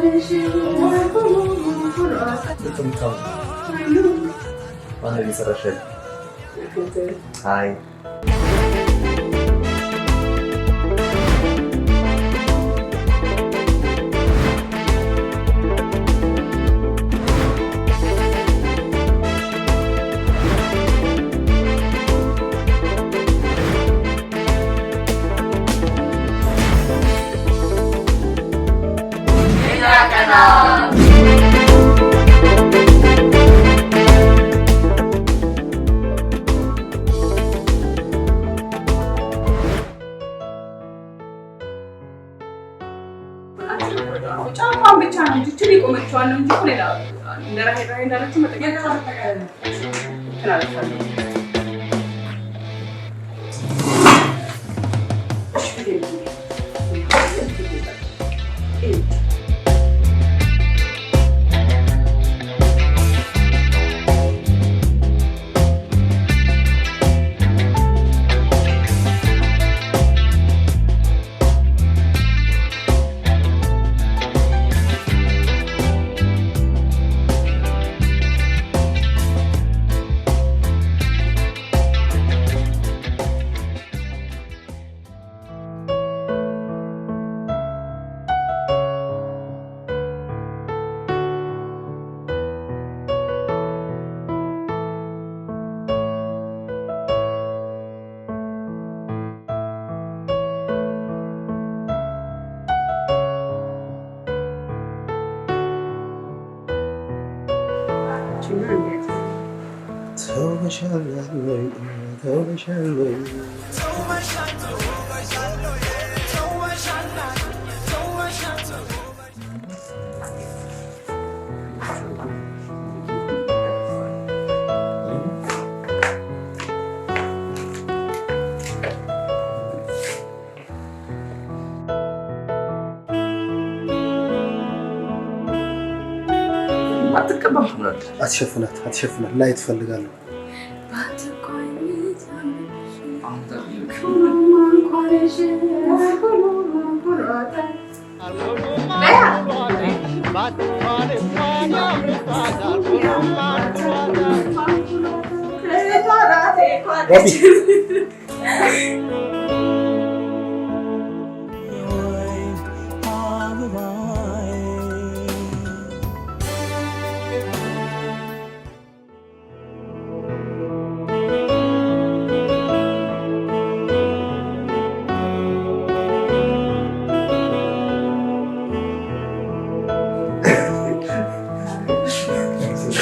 Ano yung sarasyan? Hi. Lebanon! 来呀！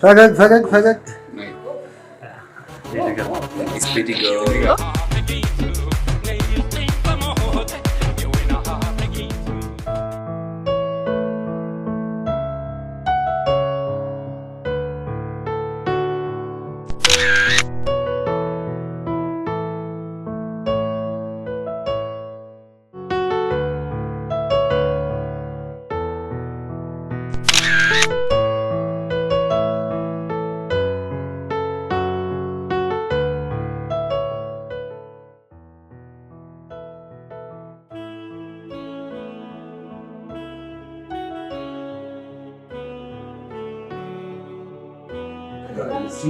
Fagak, fagak, fagak. There you go. It's pretty good.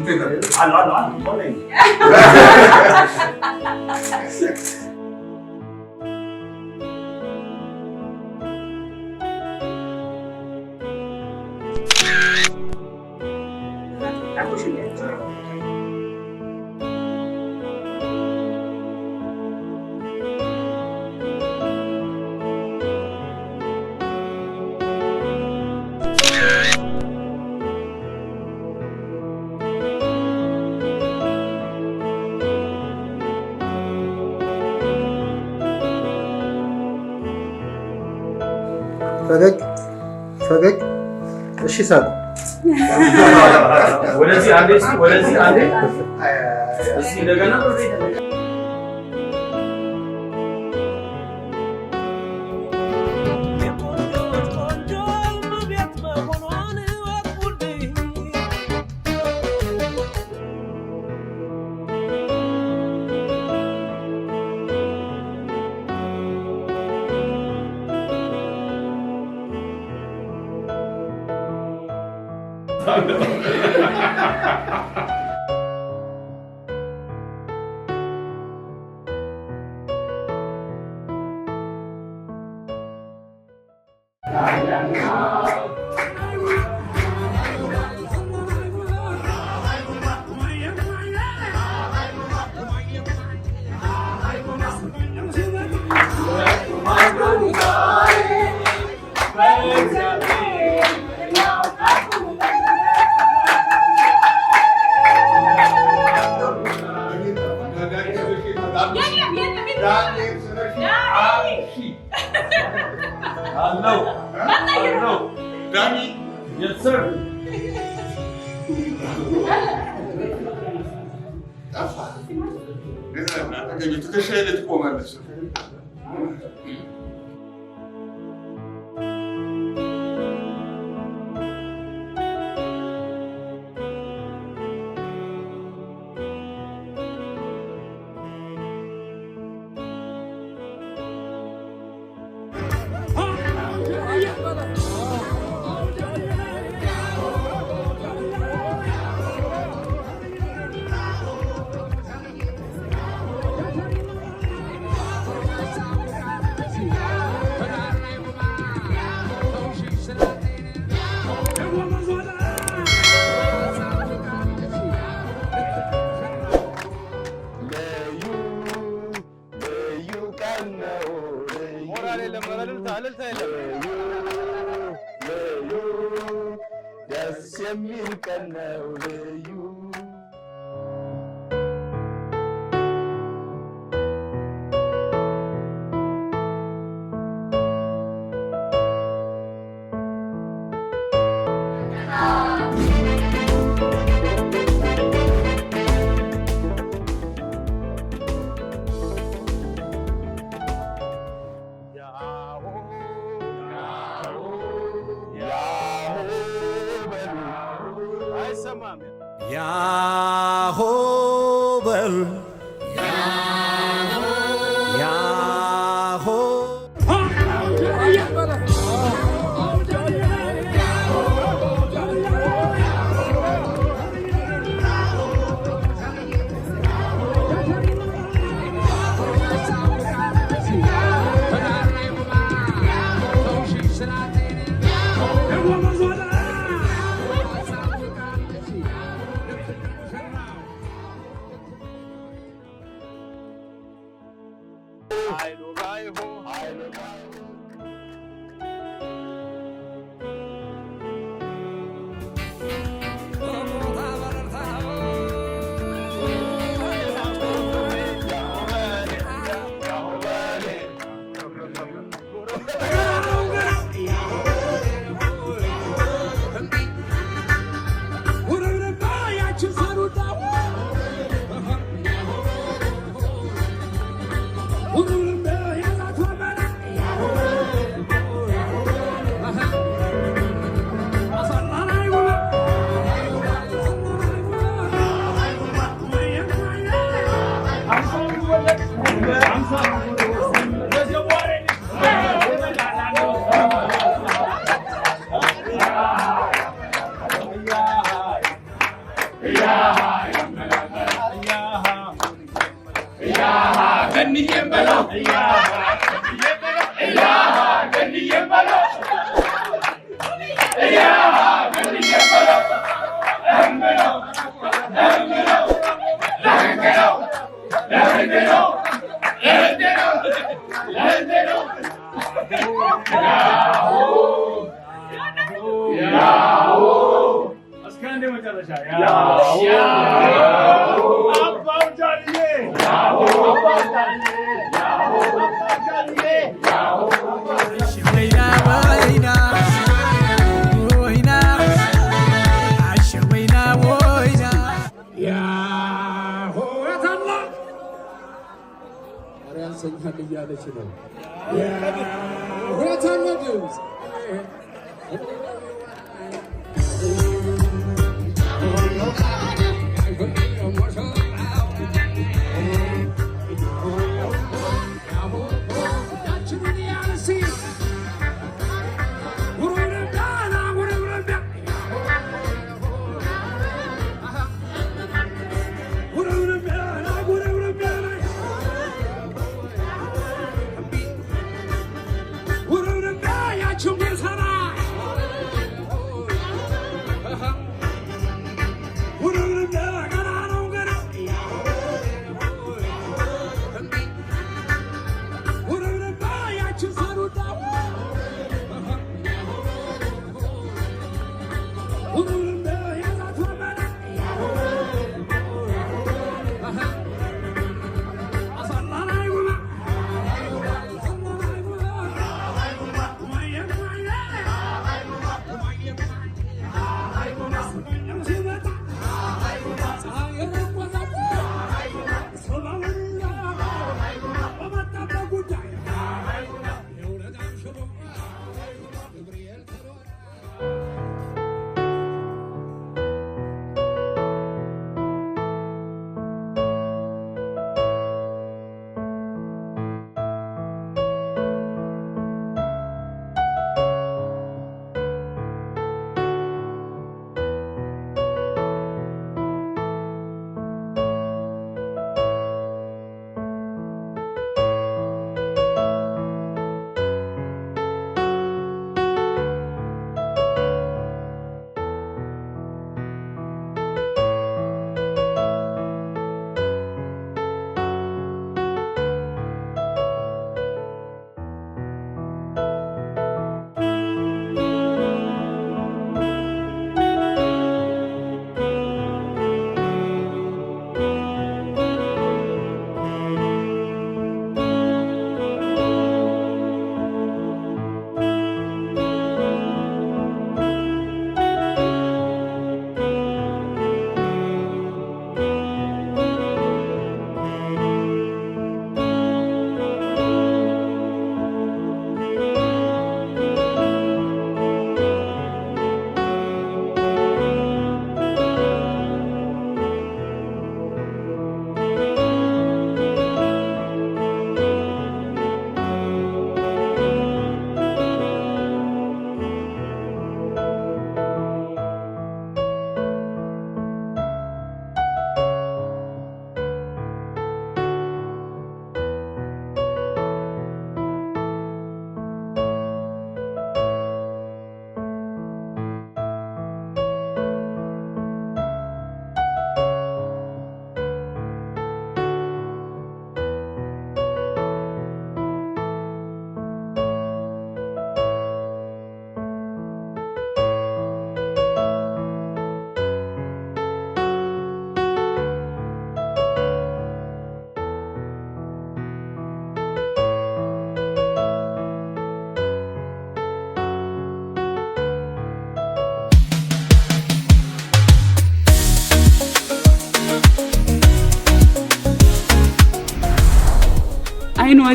Não tem nada. Ah, não não não podemos. ፈገግ ፈገግ። እሺ ሳቁ። ወደዚህ አንዴ፣ ወደዚህ አንዴ፣ እስኪ እንደገና I know. Yeah. What are turn up, dudes?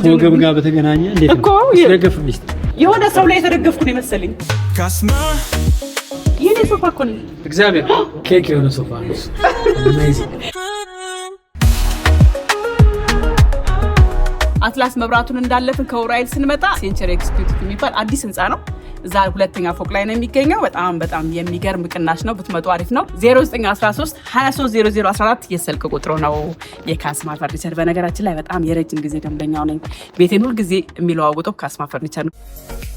ከወገብ ጋር በተገናኘ እንደገፍ ነው የሆነ ሰው ላይ የተደገፍኩ ነው የመሰለኝ። የኔ ሶፋ እኮ ነው እግዚአብሔር ኬክ የሆነ ሶፋ አትላስ መብራቱን እንዳለፍን ከውራይል ስንመጣ ሴንቸሪ ኤክስኪዩቲቭ የሚባል አዲስ ህንፃ ነው እዛ ሁለተኛ ፎቅ ላይ ነው የሚገኘው። በጣም በጣም የሚገርም ቅናሽ ነው። ብትመጡ አሪፍ ነው። 0913 230014 የስልክ ቁጥሩ ነው። የካስማ ፈርኒቸር በነገራችን ላይ በጣም የረጅም ጊዜ ደንበኛው ነኝ። ቤቴን ሁልጊዜ የሚለዋውጠው ካስማ ፈርኒቸር ነው።